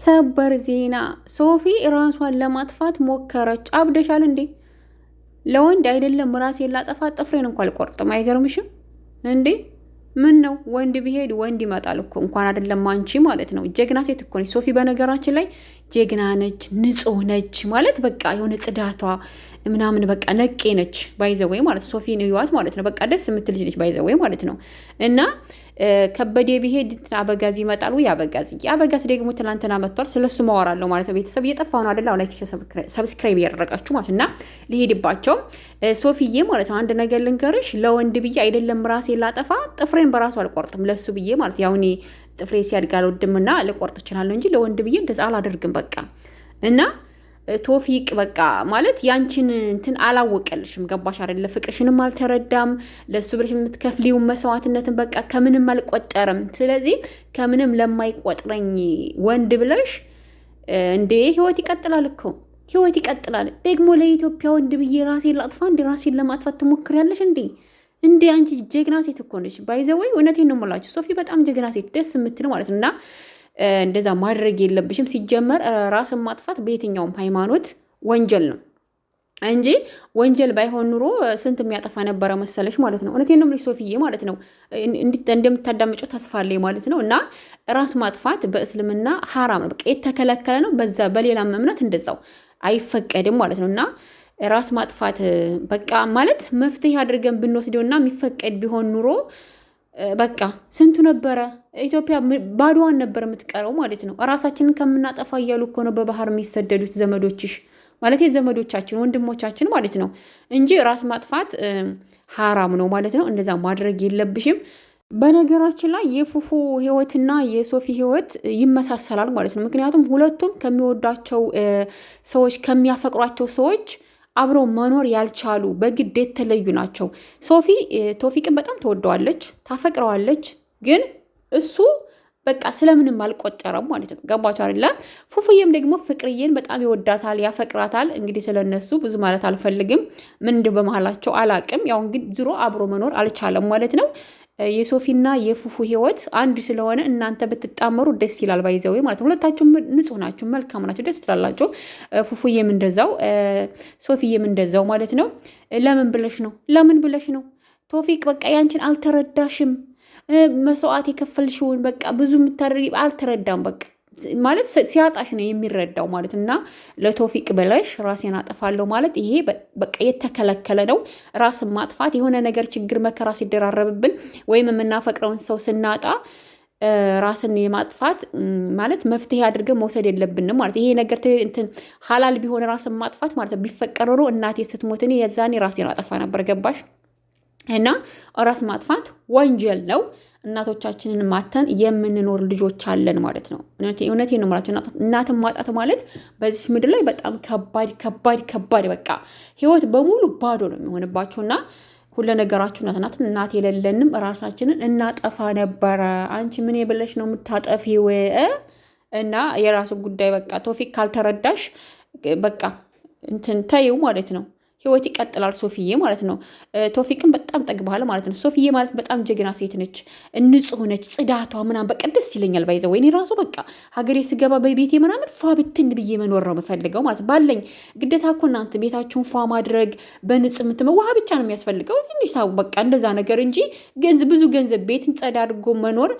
ሰበር ዜና ሶፊ ራሷን ለማጥፋት ሞከረች። አብደሻል እንዴ? ለወንድ አይደለም ራሴን ላጠፋ ጥፍሬን እንኳ አልቆርጥም። አይገርምሽም እንዴ? ምን ነው ወንድ ቢሄድ ወንድ ይመጣል እኮ እንኳን አይደለም አንቺ ማለት ነው። ጀግና ሴት እኮ ነች ሶፊ። በነገራችን ላይ ጀግና ነች፣ ንጹህ ነች ማለት በቃ የሆነ ጽዳቷ ምናምን በቃ ነቄ ነች። ባይዘወይ ማለት ሶፊ እዩዋት ማለት ነው። በቃ ደስ የምትልጅ ነች ባይዘወይ ማለት ነው እና ከበዴ ቢሄድ አበጋዝ ይመጣል። ውይ አበጋዝ አበጋዝ ደግሞ ትናንትና መጥቷል። ስለሱ ማወራለሁ ማለት ነው። ቤተሰብ እየጠፋ ነው አደላ ላይክ ሰብስክራይብ እያደረጋችሁ ማለት እና ሊሄድባቸው ሶፊዬ ማለት ነው። አንድ ነገር ልንገርሽ፣ ለወንድ ብዬ አይደለም ራሴ ላጠፋ ጥፍሬን በራሱ አልቆርጥም። ለሱ ብዬ ማለት ያው እኔ ጥፍሬ ሲያድግ አልወድምና ልቆርጥ እችላለሁ እንጂ ለወንድ ብዬ እንደዛ አላደርግም። በቃ እና ቶፊቅ በቃ ማለት ያንቺን እንትን አላወቀልሽም። ገባሽ አይደለ? ፍቅርሽንም አልተረዳም። ለሱ ብለሽ የምትከፍሊውን መስዋዕትነትን በቃ ከምንም አልቆጠርም። ስለዚህ ከምንም ለማይቆጥረኝ ወንድ ብለሽ እንዴ! ህይወት ይቀጥላል እኮ ህይወት ይቀጥላል። ደግሞ ለኢትዮጵያ ወንድ ብዬ ራሴን ላጥፋ እንዲ ራሴን ለማጥፋት ትሞክሪያለሽ እንዴ? እንዴ አንቺ ጀግና ሴት እኮ ነች። ባይዘወይ እውነቴን ነው የምላችሁ ሶፊ በጣም ጀግና ሴት፣ ደስ የምትል ማለት ነው እና እንደዛ ማድረግ የለብሽም። ሲጀመር ራስን ማጥፋት በየትኛውም ሃይማኖት ወንጀል ነው እንጂ ወንጀል ባይሆን ኑሮ ስንት የሚያጠፋ ነበረ መሰለሽ ማለት ነው። እውነቴን ነው የምልሽ ሶፊዬ ማለት ነው። እንደምታዳምጪው ተስፋ አለኝ ማለት ነው። እና ራስ ማጥፋት በእስልምና ሀራም ነው፣ በቃ የተከለከለ ነው። በዛ በሌላም እምነት እንደዛው አይፈቀድም ማለት ነው። እና ራስ ማጥፋት በቃ ማለት መፍትሄ አድርገን ብንወስደውና የሚፈቀድ ቢሆን ኑሮ በቃ ስንቱ ነበረ ኢትዮጵያ ባዶዋን ነበር የምትቀረው ማለት ነው። እራሳችንን ከምናጠፋ እያሉ እኮ ነው በባህር የሚሰደዱት ዘመዶችሽ ማለት ዘመዶቻችን ወንድሞቻችን ማለት ነው እንጂ ራስ ማጥፋት ሀራም ነው ማለት ነው። እንደዛ ማድረግ የለብሽም። በነገራችን ላይ የፉፉ ህይወትና የሶፊ ህይወት ይመሳሰላል ማለት ነው። ምክንያቱም ሁለቱም ከሚወዷቸው ሰዎች ከሚያፈቅሯቸው ሰዎች አብረው መኖር ያልቻሉ በግድ የተለዩ ናቸው። ሶፊ ቶፊቅን በጣም ትወደዋለች፣ ታፈቅረዋለች ግን እሱ በቃ ስለምንም አልቆጠረም ማለት ነው። ገባችሁ አይደለ? ፉፉዬም ደግሞ ፍቅርዬን በጣም ይወዳታል፣ ያፈቅራታል። እንግዲህ ስለነሱ ብዙ ማለት አልፈልግም፣ ምን በመሃላቸው አላቅም። ያው እንግዲህ ድሮ አብሮ መኖር አልቻለም ማለት ነው። የሶፊና የፉፉ ህይወት አንድ ስለሆነ እናንተ ብትጣመሩ ደስ ይላል። ባይዘው ማለት ነው። ሁለታችሁ ንጹህ ናችሁ፣ መልካም ናችሁ፣ ደስ ትላላችሁ። ፉፉዬም እንደዛው፣ ሶፊዬም እንደዛው ማለት ነው። ለምን ብለሽ ነው? ለምን ብለሽ ነው? ቶፊቅ በቃ ያንቺን አልተረዳሽም መስዋዕት የከፈልሽውን በቃ ብዙ የምታደርግ አልተረዳም። በቃ ማለት ሲያጣሽ ነው የሚረዳው ማለት እና ለቶፊቅ ብለሽ ራሴን አጠፋለሁ ማለት ይሄ በቃ የተከለከለ ነው። ራስን ማጥፋት የሆነ ነገር ችግር፣ መከራ ሲደራረብብን ወይም የምናፈቅረውን ሰው ስናጣ ራስን የማጥፋት ማለት መፍትሄ አድርገን መውሰድ የለብንም ማለት ይሄ ነገር እንትን ሀላል ቢሆን ራስን ማጥፋት ማለት ቢፈቀር እናቴ ስትሞት እኔ የዛኔ ራሴን አጠፋ ነበር። ገባሽ? እና ራስ ማጥፋት ወንጀል ነው። እናቶቻችንን ማተን የምንኖር ልጆች አለን ማለት ነው። እውነቴን ነው የምላቸው። እናትን ማጣት ማለት በዚህ ምድር ላይ በጣም ከባድ ከባድ ከባድ በቃ ህይወት በሙሉ ባዶ ነው የሚሆንባቸው እና ሁለ ነገራችሁ ናትናት እናት የሌለንም ራሳችንን እናጠፋ ነበረ። አንቺ ምን የበለሽ ነው የምታጠፊው? እና የራሱ ጉዳይ በቃ ቶፊክ ካልተረዳሽ በቃ እንትን ተይው ማለት ነው። ህይወት ይቀጥላል። ሶፊዬ ማለት ነው። ቶፊቅን በጣም ጠግበሃል ማለት ነው። ሶፊዬ ማለት በጣም ጀግና ሴት ነች። ንጹህ ነች። ጽዳቷ ምናምን በቃ ደስ ይለኛል። ባይዘ ወይ ወይኔ ራሱ በቃ ሀገሬ ስገባ በቤቴ ምናምን ፏ ብትን ብዬ መኖር ነው የምፈልገው ማለት ባለኝ ግዴታ እኮ እናንተ ቤታችሁን ፏ ማድረግ በንጹህ የምትመ ውሃ ብቻ ነው የሚያስፈልገው ትንሽ ሳቡ በቃ እንደዛ ነገር እንጂ ገንዘብ ብዙ ገንዘብ ቤትን ጸዳ አድርጎ መኖር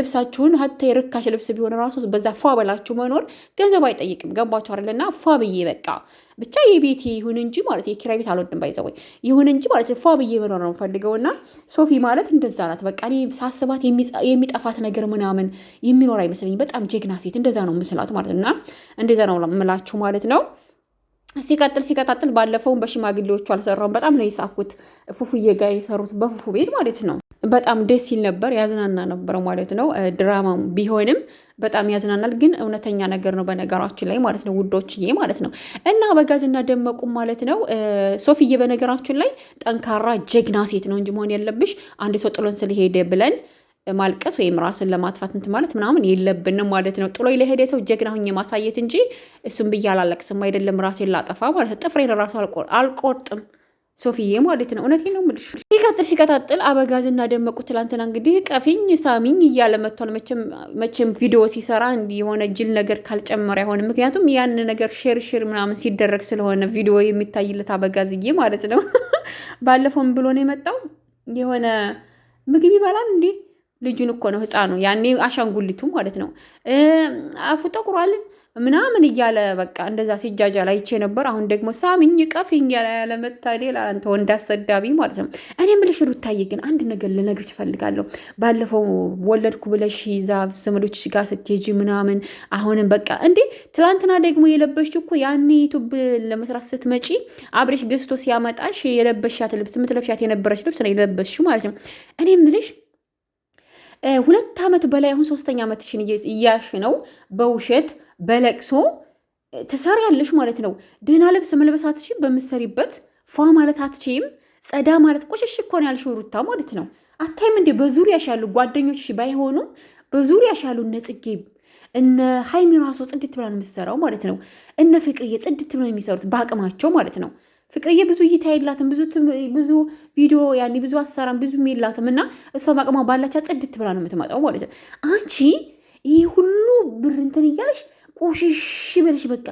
ልብሳችሁን ሀተ የርካሽ ልብስ ቢሆን ራሱ በዛ ፏ በላችሁ መኖር ገንዘብ አይጠይቅም። ገባችሁ አይደለና ፏ ብዬ በቃ ብቻ የቤቴ ይሁን እንጂ ማለት የኪራይ ቤት አልወድም ባይዘወይ ይሁን እንጂ ማለት ፏ ብዬ መኖር ነው ፈልገው እና ሶፊ ማለት እንደዛ ናት። በቃ እኔ ሳስባት የሚጠፋት ነገር ምናምን የሚኖር አይመስለኝ። በጣም ጀግና ሴት እንደዛ ነው ምስላት ማለት እና እንደዛ ነው ምላችሁ ማለት ነው። ሲቀጥል ሲቀጣጥል ባለፈውን በሽማግሌዎቹ አልሰራውም። በጣም ነው የሳኩት ፉፉዬ ጋር የሰሩት በፉፉ ቤት ማለት ነው። በጣም ደስ ይል ነበር፣ ያዝናና ነበር ማለት ነው። ድራማ ቢሆንም በጣም ያዝናናል፣ ግን እውነተኛ ነገር ነው በነገራችን ላይ ማለት ነው ውዶችዬ ማለት ነው። እና በጋዝና ደመቁ ማለት ነው ሶፊዬ፣ በነገራችን ላይ ጠንካራ ጀግና ሴት ነው እንጂ መሆን ያለብሽ አንድ ሰው ጥሎን ስለሄደ ብለን ማልቀስ ወይም ራስን ለማጥፋት እንትን ማለት ምናምን የለብንም ማለት ነው። ጥሎ ለሄደ ሰው ጀግና ሁኜ ማሳየት እንጂ እሱም ብዬ አላለቅስም አይደለም ራሴን ላጠፋ ማለት ነው። ጥፍሬን ራሱ አልቆርጥም ሶፊዬ ማለት ነው። እውነቴ ነው የምልሽ። ሲቀጥል ሲቀጣጥል እና ደመቁ ትላንትና እንግዲህ ቀፊኝ ሳሚኝ እያለ መጥቷል። መቼም ቪዲዮ ሲሰራ የሆነ ጅል ነገር ካልጨመረ አይሆንም። ምክንያቱም ያን ነገር ሼር ሼር ምናምን ሲደረግ ስለሆነ ቪዲዮ የሚታይለት አበጋዝዬ ማለት ነው። ባለፈውም ብሎ ነው የመጣው የሆነ ምግብ ይበላል እንዴ? ልጁን እኮ ነው ህፃኑ ያኔ አሻንጉሊቱ ማለት ነው። አፉ ጠቁሯል ምናምን እያለ በቃ እንደዛ ሲጃጃ ላይ ይቼ ነበር። አሁን ደግሞ ሳምኝ ቀፊኝ ያለ ያለመታደል አንተ ወንድ አሰዳቢ ማለት ነው። እኔ የምልሽ ሩታዬ ግን አንድ ነገር ልነግርሽ እፈልጋለሁ። ባለፈው ወለድኩ ብለሽ ይዛ ዘመዶች ጋር ስትሄጂ ምናምን አሁንም በቃ እንዴ ትላንትና ደግሞ የለበሽ እኮ ያኔ ዩቱብ ለመስራት ስትመጪ አብሬሽ ገዝቶ ሲያመጣሽ የለበሻት ልብስ ምትለብሻት የነበረች ልብስ ነው የለበስሽ ማለት ነው። እኔ የምልሽ ሁለት ዓመት በላይ አሁን ሶስተኛ ዓመትሽን እያሽ ነው በውሸት በለቅሶ ትሰሪያለሽ ማለት ነው። ደህና ልብስ መልበስ አትችይም፣ በምትሰሪበት ፏ ማለት አትችይም። ጸዳ ማለት ቆሸሽ እኮ ነው ያልሽው ሩታ ማለት ነው። አታይም እንዴ በዙሪያሽ ያሉ ጓደኞች ባይሆኑም በዙሪያሽ ያሉ እነ ጽጌ እነ ሀይሚ ራሱ ጽድት ብላ ነው የምትሰራው ማለት ነው። እነ ፍቅርዬ ጽድት ብለው የሚሰሩት በአቅማቸው ማለት ነው። ፍቅርዬ ብዙ እይታ የላትም፣ ብዙ ቪዲዮ ያኔ ብዙ አሰራም ብዙ የላትም እና እሷ በአቅማ ባላቻ ጽድት ብላ ነው የምትመጣው ማለት ነው። አንቺ ይህ ሁሉ ብር እንትን እያለሽ ቁሽሽ በለሽ በቃ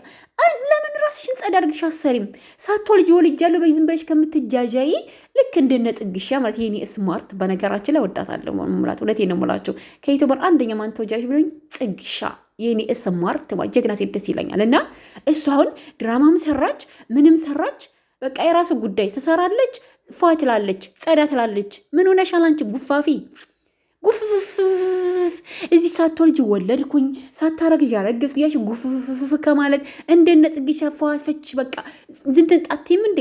ለምን ራስሽን ጸዳ አድርግሽ አሰሪም ሳቶ ልጅ ወልጃለሁ በይ ዝም ብለሽ ከምትጃዣይ ልክ እንደነ ጽግሻ ማለት የኔ ስማርት በነገራችን ላይ ወዳታለሁ ሙላት እውነቴን ነው የምላቸው ከኢትዮበር አንደኛ ማን ተወጃለሽ ብሎኝ ጽግሻ የኔ ስማርት ጀግና ሴት ደስ ይለኛል እና እሱ አሁን ድራማም ሰራች ምንም ሰራች በቃ የራሱ ጉዳይ ትሰራለች ፏ ትላለች ጸዳ ትላለች ምን ሆነሻል አንቺ ጉፋፊ ጉፍፍፍ እዚህ ሳትወልጅ ወለድኩኝ ሳታረግ ያረገዝኩ ያሽ ጉፍፍፍፍ ከማለት እንደነ ጽጌ ሸፋፈች በቃ ዝንትን ጣቴም እንዴ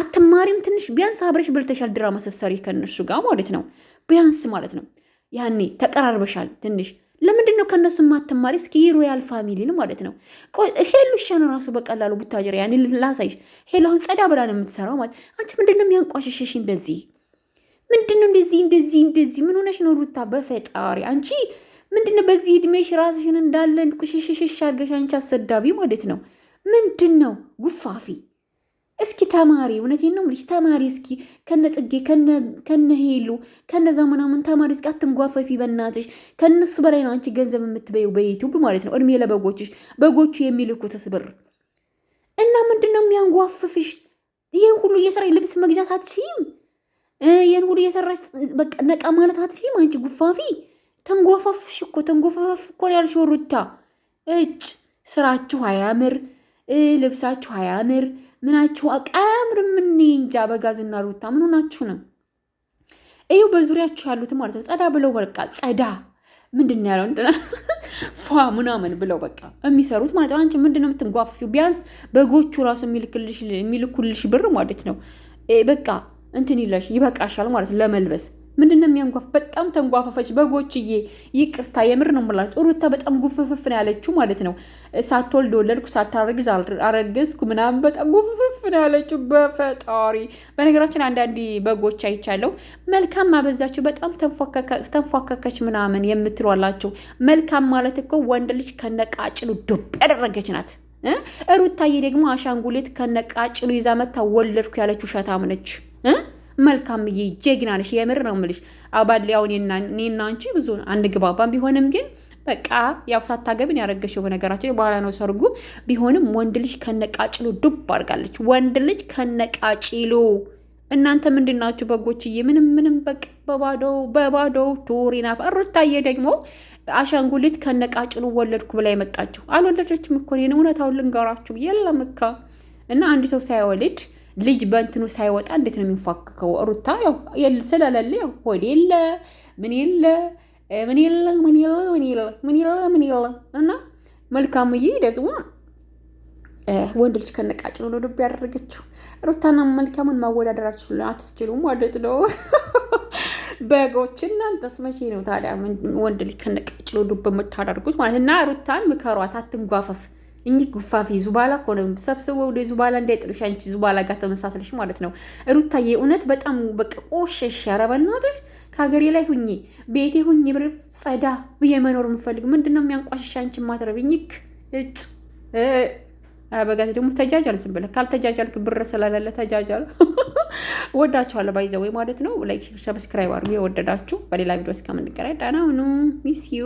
አትማሪም ትንሽ ቢያንስ አብረሽ በልተሻል። ድራማ ሰሰሪ ከነሱ ጋር ማለት ነው ቢያንስ ማለት ነው ያኔ ተቀራርበሻል ትንሽ ለምንድን ነው ከእነሱ ማትማሪ? እስኪ ሮያል ፋሚሊን ማለት ነው ሄሉ ሻን ራሱ በቀላሉ ብታጀር ያኔ ላሳይሽ። ሄሉ አሁን ጸዳ ብላ ነው የምትሰራው ማለት አንቺ ምንድነው ነው የሚያንቋሸሸሽ እንደዚህ ምንድን ነው እንደዚህ እንደዚህ እንደዚህ ምን ሆነሽ ነው ሩታ? በፈጣሪ አንቺ ምንድን ነው በዚህ እድሜሽ ራስሽን እንዳለ ቁሽሽሽሽ አድርገሽ አንቺ አሰዳቢ ማለት ነው። ምንድን ነው ጉፋፊ? እስኪ ተማሪ፣ እውነቴን ነው የምልሽ ተማሪ። እስኪ ከነ ጽጌ ከነ ሄሉ ከነዛ ምናምን ተማሪ። እስኪ አትንጓፈፊ በእናትሽ። ከነሱ በላይ ነው አንቺ ገንዘብ የምትበየው በዩቱብ ማለት ነው። እድሜ ለበጎችሽ፣ በጎቹ የሚልኩትስ ብር እና ምንድን ነው የሚያንጓፍፍሽ? ይህን ሁሉ እየሰራ ልብስ መግዛት አትችይም? ይህን ሁሉ እየሰራች በቃ ነቃ ማለት አትችይም አንቺ ጉፋፊ። ተንጎፈፍሽ እኮ ተንጎፈፍ እኮ ያልሽው ሩታ እጭ ስራችሁ አያምር፣ ልብሳችሁ አያምር፣ ምናችሁ አቀምር ምን እንጃ በጋዝና ሩታ ምን ሆናችሁ ነው? ይኸው በዙሪያችሁ ያሉት ማለት ነው ጸዳ ብለው በቃ ጸዳ ምንድን ነው ያለው እንትና ፏ ምናምን ብለው በቃ የሚሰሩት ማለት ነው። አንቺ ምንድን ነው የምትንጓፍፊው? ቢያንስ በጎቹ ራሱ የሚልኩልሽ ብር ማለት ነው በቃ እንትን ይለሽ ይበቃሻል ማለት ነው ለመልበስ ምንድን ነው የሚያንጓፍ? በጣም ተንጓፋፈች። በጎችዬ ይቅርታ፣ የምር ነው የምላቸው። ሩታ በጣም ጉፍፍፍ ነው ያለችው ማለት ነው። ሳትወልድ ወለድኩ፣ ሳታረግዝ አረገዝኩ ምናምን በጣም ጉፍፍፍ ነው ያለችው። በፈጣሪ በነገራችን አንዳንድ በጎች አይቻለሁ። መልካም አበዛችሁ፣ በጣም ተንፏከከች ምናምን የምትሏላችሁ። መልካም ማለት እኮ ወንድ ልጅ ከነቃጭሉ ዱብ ያደረገች ናት። ሩታዬ ደግሞ አሻንጉሌት ከነቃጭሉ ይዛ መታ ወለድኩ ያለችው ሸታም ነች። መልካም መልካምዬ ጀግና ነሽ። የምር ነው የምልሽ። አባል ያው እኔና አንቺ ብዙ አንግባባም ቢሆንም ግን በቃ ያው ሳታገብን ያረገሽው በነገራችን በኋላ ነው ሰርጉ ቢሆንም ወንድ ልጅ ከነቃጭሉ ዱብ አድርጋለች። ወንድ ልጅ ከነቃጭሉ እናንተ ምንድናችሁ ናችሁ በጎችዬ? ምንም ምንም በቃ በባዶ በባዶ ቱሪ ናፋር ታየ። ደግሞ አሻንጉሊት ከነቃጭሉ ወለድኩ ብላ የመጣችሁ አልወለደችም እኮ እውነታውን ልንገራችሁ የለም እኮ እና አንድ ሰው ሳይወልድ ልጅ በእንትኑ ሳይወጣ እንዴት ነው የሚንፏክከው? ሩታ ያው ስለሌለ ያው ሆድ የለ ምን የለ ምን የለ ምን የለ ምን የለ ምን የለ ምን የለ እና መልካምዬ ደግሞ ወንድ ልጅ ከነቃጭ ነው ዱብ ያደረገችው። ሩታና መልካምን ማወዳደር አትችሉ ማለት ነው በጎች። እናንተስ መቼ ነው ታዲያ ወንድ ልጅ ከነቃጭ ነው ዱብ የምታደርጉት ማለት እና ሩታን ምከሯት፣ አትንጓፈፍ እኚህ ጉፋፊ ዙባላ እኮ ነው ሰብስበው ወደ ዙባላ እንዳይጥልሽ አንቺ ዙባላ ጋር ተመሳሰልሽ ማለት ነው። ሩታዬ እውነት በጣም በቃ ቆሸሽ። ኧረ በእናትሽ ከሀገሬ ላይ ሁኚ ቤቴ ሁኚ ብር ጸዳ ብዬ መኖር የምፈልግ ምንድን ነው የሚያንቋሽሽ? አንቺ ማትረብ እኝክ እጭ በጋዜ ደግሞ ተጃጃል። ዝም ብለህ ካልተጃጃልክ ብር ስለሌለ ተጃጃል። ወዳችኋለሁ። ባይዘ ወይ ማለት ነው። ላይክ ሰብስክራይብ አድርጉ የወደዳችሁ። በሌላ ቪዲዮ እስከምንገናኝ ደህና ሁኑ። ሚስ ዩ